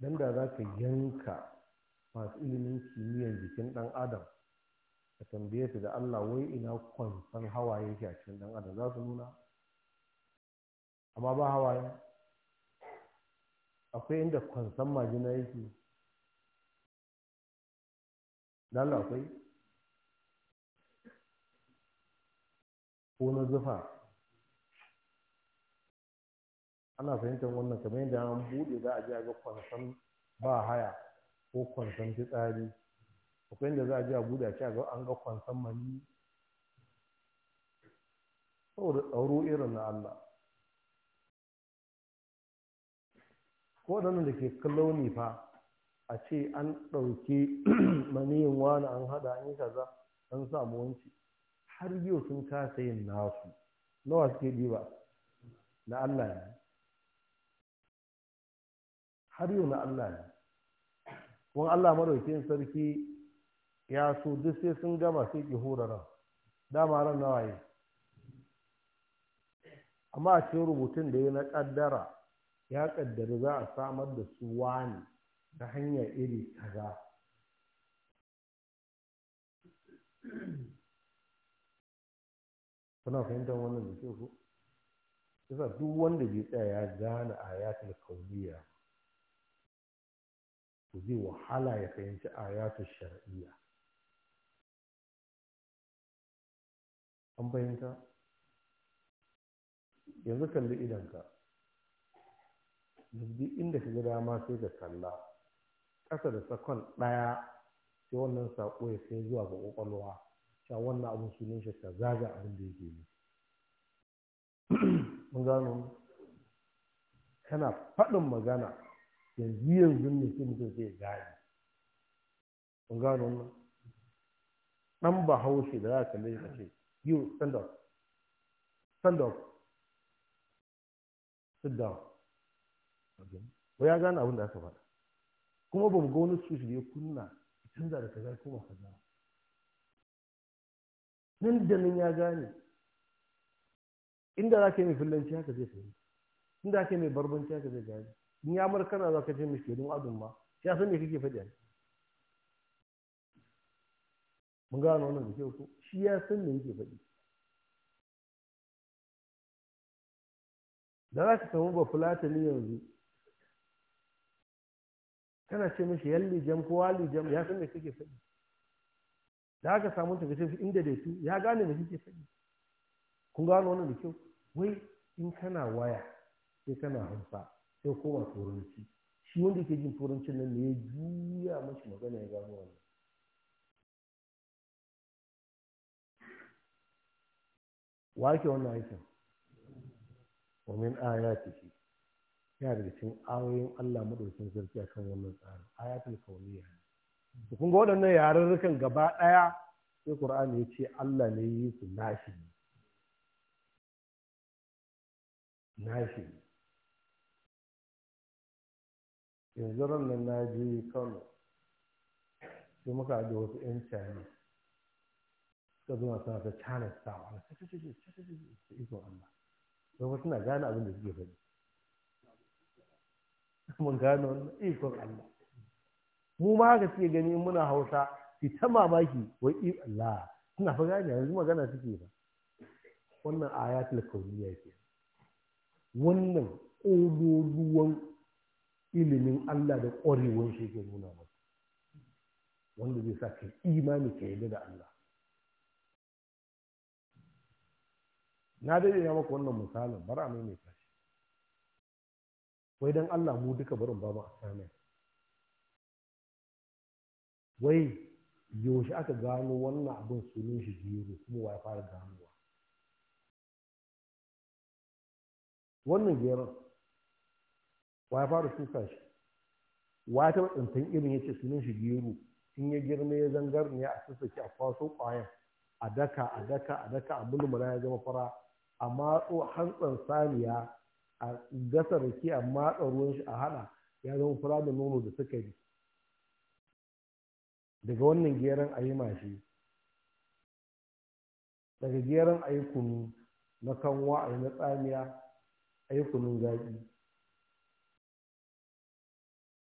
don da za ka yanka masu ilimin kimiyyar jikin ɗan adam ka tambaye su da allah wai ina kwanfan hawaye yake a cikin ɗan adam za su nuna amma ba hawaye akwai inda kwansan majina yake dala akwai ko na zufa ana fahimtar wannan kamar yadda an buɗe za a je a ga kwansan ba haya ko kwansan fitsari akwai yadda za a je a buɗe a ce an ga kwansan mani saboda tsaro irin na Allah ko da ke kallo ne fa a ce an ɗauke *clears throat* maniyin wani an haɗa an yi kaza an samu wanci har yau sun kasa yin nasu nawa suke ɗiba na Allah ne har yau na Allah ne kuma Allah madaukin sarki ya so duk sai sun gama sai ki hura ran dama ran na waye amma a cikin rubutun da ya na kaddara ya kaddara za a samar da su wani ta hanyar iri kaza kuna fahimtar wannan da ke ku yasa duk wanda bai tsaya ya gane ayatul kauliya to zai wahala ya fahimci ayatu shar'iyya an fahimta yanzu kalli idanka yanzu inda ka ga dama sai ka kalla ƙasa da sakon ɗaya sai wannan saƙo ya kai zuwa ga ƙwaƙwalwa sha wannan abin sunan shi ka zaga abin da yake yi mun gano kana faɗin magana yanzu yanzu ne sai mutum zai gane kun gano wannan dan bahaushe da za ka kalle ka ce you stand up stand up sit down ba ya gane abin da aka faɗa kuma ba mu ga wani switch da ya kunna canza da kaza ko ba kaza nan da nan ya gane inda za ka yi mai fillanci haka zai fahimta inda za ka yi mai barbanci haka zai gane in ya mar kana za ka ce mishi don adun ma shi ya san me kake faɗi mun gano wannan da kyau ko shi ya san me yake faɗi da za ka samu ba fulatani yanzu kana ce mishi yalli jam ko wali jam ya san me kake faɗi da aka samu ta gace inda da su ya gane me kake faɗi kun gano wannan da kyau wai in kana waya sai kana hamsa sai koma turanci shi wanda ke jin turanci nan ne ya juya mashi magana ya gano wannan wake wannan aikin ومن آياته yana daga cikin ayoyin Allah madaukakin sarki akan wannan tsarin ayatul kauniyya to kun ga waɗannan yarurrukan gaba ɗaya sai Qur'ani ya ce Allah ne yi su nashi nashi yanzu nan na je kano sai muka da wasu 'yan cani suka zo suna ta cana sawa na cikin ikon Allah don wasu na gane abin da suke faɗi mun gane wannan ikon Allah mu ma haka suke gani muna hausa ki ta mamaki wai ikon Allah suna fa gane yanzu magana suke ba wannan ayatul kauniya ke wannan ƙololuwan ilimin Allah da ƙwarewar shi ke nuna maka wanda zai sa ka imani ka yi da Allah na daɗe ya maka wannan misalin bar a maimaita shi wai don Allah mu duka barin babu a samun wai yaushe aka gano wannan abin sunan shi jiro kuma wa ya fara ganowa wannan geron wa ya fara shuka shi wa ta tsintan irin ya ce sunan shi gero in ya girma ya zangar ne a sassaki a kwaso ƙwayan a daka a daka a daka a mulmula ya zama fara a matso hantsan saniya a gasa rake a matsa ruwan shi a hada ya zama fara da nono da sukari daga wannan geran a yi mashi daga geran a yi kunu na kanwa a yi na tsamiya a yi kunun zaƙi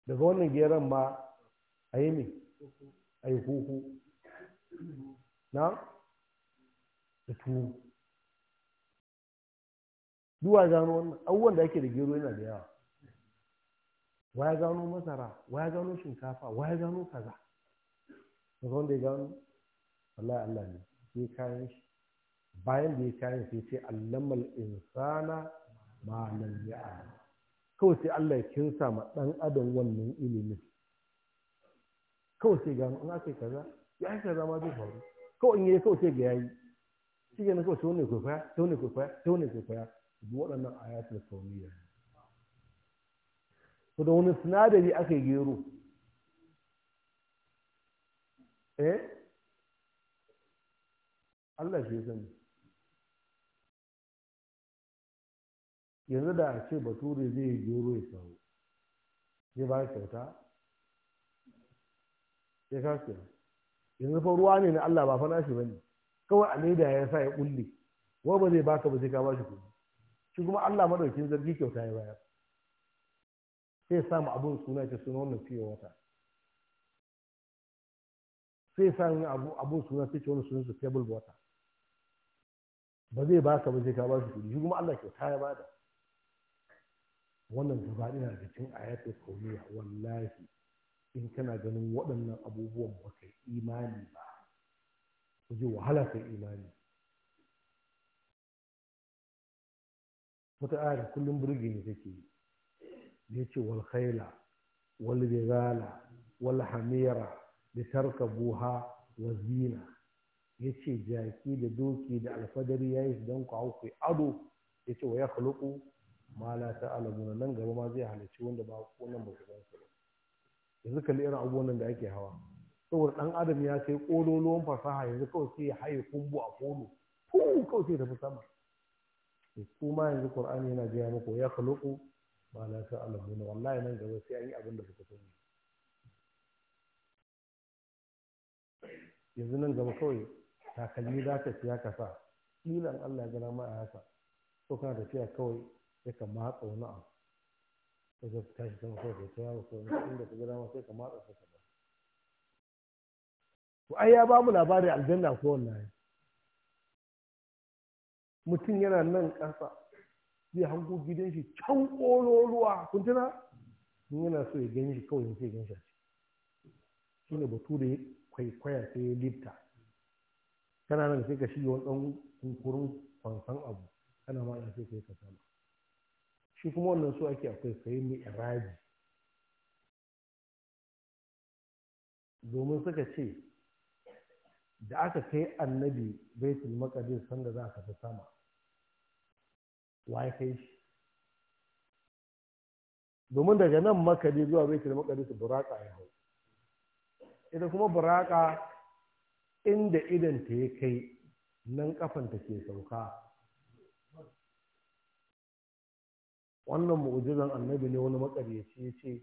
daga wannan geran ma a yi ne a yi huhu na tutu duwa gano wannan abubuwan da ake da gero yana da yawa wa ya gano masara wa ya gano shinkafa wa ya gano kaza daga wanda ya gano Allah Allah ne sai kayan shi bayan da ya kayan sai sai allamal insana ma lam kawai sai Allah ya kinsa ma ɗan adam wannan ilimin kawai sai gano in aka yi kaza ya yi kaza ma zai faru kawai in yi kawai sai ga yayi shi ke na kawai ta wani kwaikwaya ta wani kwaikwaya ta wani kwaikwaya duk waɗannan ayatul kauniya to da wani sinadari aka yi gero eh Allah shi ya sani yanzu da a ce bature zai yi gero ya samu zai ba kyauta ya kasu yanzu fa ruwa ne na Allah ba fa nashi ne. kawai a leda ya sa ya kulle wa ba zai baka ba sai ka shi kuma shi kuma Allah madaukin zargi kyauta ya bayar sai ya samu abun suna ta suna wannan fiye wata sai ya samu abun suna ta ce wannan sunan su table water ba zai baka ba sai ka bashi shi kuma Allah kyauta ya bada wannan gaba ina da cikin ayatul kauniya wallahi in kana ganin waɗannan abubuwan ba kai imani ba ku ji wahala kai imani wata ayar kullum burge ne take yi da ya ce wal khaila wal bizala wal hamira da buha, wa zina ya ce jaki da doki da alfadari ya yi don ku hau ado ya ce wa ya khuluqu ma la ta'lamuna nan gaba ma zai halarci wanda ba ku nan ba ku san su ba yanzu kalli irin abubuwan da ake hawa saboda dan adam ya sai kololuwan fasaha yanzu kawai sai ya haye kumbu a kolo ko kawai sai tafi sama kuma yanzu qur'ani yana gaya muku ya khaluqu ma la ta'lamuna wallahi nan gaba sai an yi abin da kuka sani yanzu nan gaba kawai takalmi za ta siya ka sa ƙilan Allah ya gana ma a haka so kana tafiya kawai sai ka matsa wani abu Sai zai tashi sama sai ka tayawa ko abu da kuma dama sai ka matsa sai ka ba to ai ya ba mu labarin aljanna ko wallahi mutum yana nan ƙasa zai hango gidan shi can ƙololuwa kun tuna in yana so ya gani shi kawai sai gan shi shi ne batu da kwaikwaya sai ya lifta kana nan sai ka shiga wani ɗan kunkurin kwansan abu kana ma sai ka yi kasala shi kuma wannan su ake akwai sai mai iraji domin suka ce da aka kai annabi baitul maqdis sanda za ka fi sama wai kai shi domin daga nan makadi zuwa baitul maqdis buraka ya hau ita kuma buraka inda idan ta ya kai nan kafanta ke sauka wannan mu'ujizan annabi ne wani makaryaci ya ce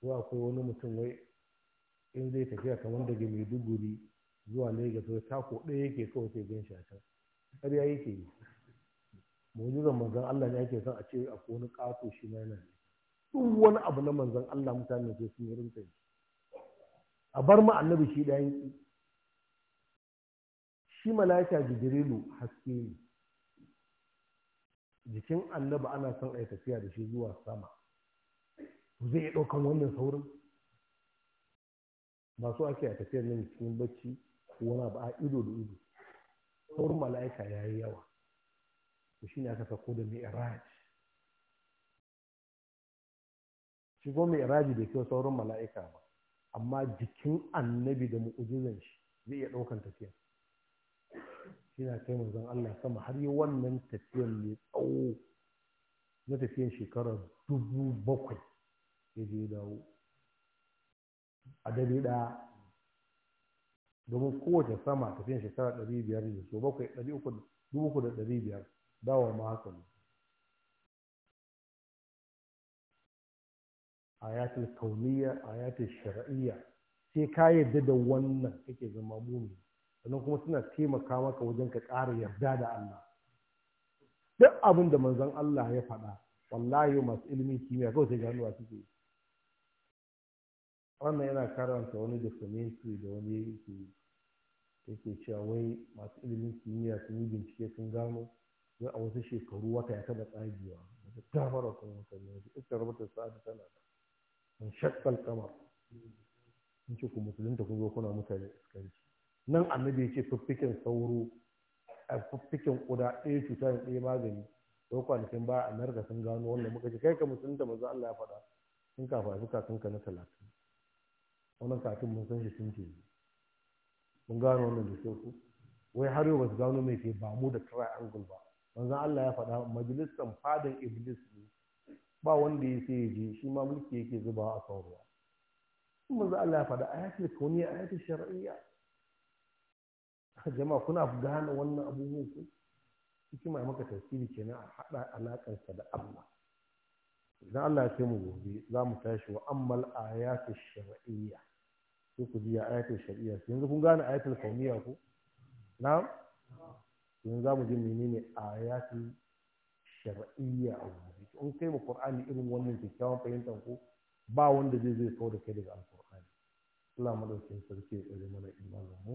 zuwa akwai wani mutum wai in zai tafiya kamar daga maiduguri zuwa lagos wai tako ɗaya yake kawai sai gan shi a ya ƙarya yake yi mu'ujizan manzan allah ne ake son a ce akwai wani ƙato shi ma yana ne duk wani abu na manzan allah mutane ke sun yi rinta a bar ma annabi shi ɗayan shi mala'ika jibrilu haske ne jikin annaba ana son a yi tafiya da shi zuwa sama zai iya ɗaukan wannan saurin ba su ake a tafiyar nan cikin bacci wani ba a ido da ido saurin mala'ika ya yi yawa to shi ne aka sako da mai shi kuma mai iraji da kyau saurin mala'ika ba amma jikin annabi da mu'ujizan shi zai iya ɗaukan tafiyar yana kai manzon Allah sama har yi wannan tafiyar mai tsawo na tafiyar shekarar dubu bakwai ya je dawo a dare ɗaya domin kowace sama tafiyar shekara ɗari biyar ne so bakwai ɗari uku dubu uku da ɗari biyar dawo ma haka ne ayatul kauniya ayatul shar'iyya sai ka yadda da wannan kake zama mumini sannan kuma suna taimaka maka wajen ka ƙara yarda da Allah duk abin da manzon Allah ya faɗa wallahi masu ilimin kimiyya kawai sai ganuwa suke wannan yana karanta wani documentary da wani yake yake cewa wai masu ilimin kimiyya sun yi bincike sun gano wai a wasu shekaru wata ya taɓa tsagewa wata damar kuma mutane wasu ita rubuta sa'adu tana da in shakkal kama in ce ku musulunta kun zo kuna mutane iskanci nan annabi ya ce fiffikin sauro a fiffikin ƙuda ɗaya cuta da ɗaya magani ko kwanakin ba a narka sun gano wannan muka ce kai ka musulunta mazu Allah ya faɗa sun kafa su kakan ka na talatin wannan kafin mun san shi sun ke mun gano wannan da sai ku wai har yau ba su gano mai ke ba mu da triangle ba manzon Allah ya faɗa majalisan fadan iblis ne ba wanda ya sai je shi ma mulki yake zubawa a sauruwa ruwa manzon Allah ya faɗa ayatul kauniya ayatul shar'iyya *laughs* jama kuna gane wannan abubuwan ku mai maka tasiri kenan a haɗa sa da Allah idan Allah ya mu gobe za mu tashi wa ammal ayatu shar'iyya sai ku ji ayatu shar'iyya yanzu kun gane ayatul kauniyya ku na'am yanzu za mu ji menene ayatul shar'iyya a gobe in kai mu qur'ani irin wannan kyakkyawan fahimtar ku ba wanda zai zai kawo da kai daga alqur'ani Allah madaukakin sarki ya tsare mana imanin mu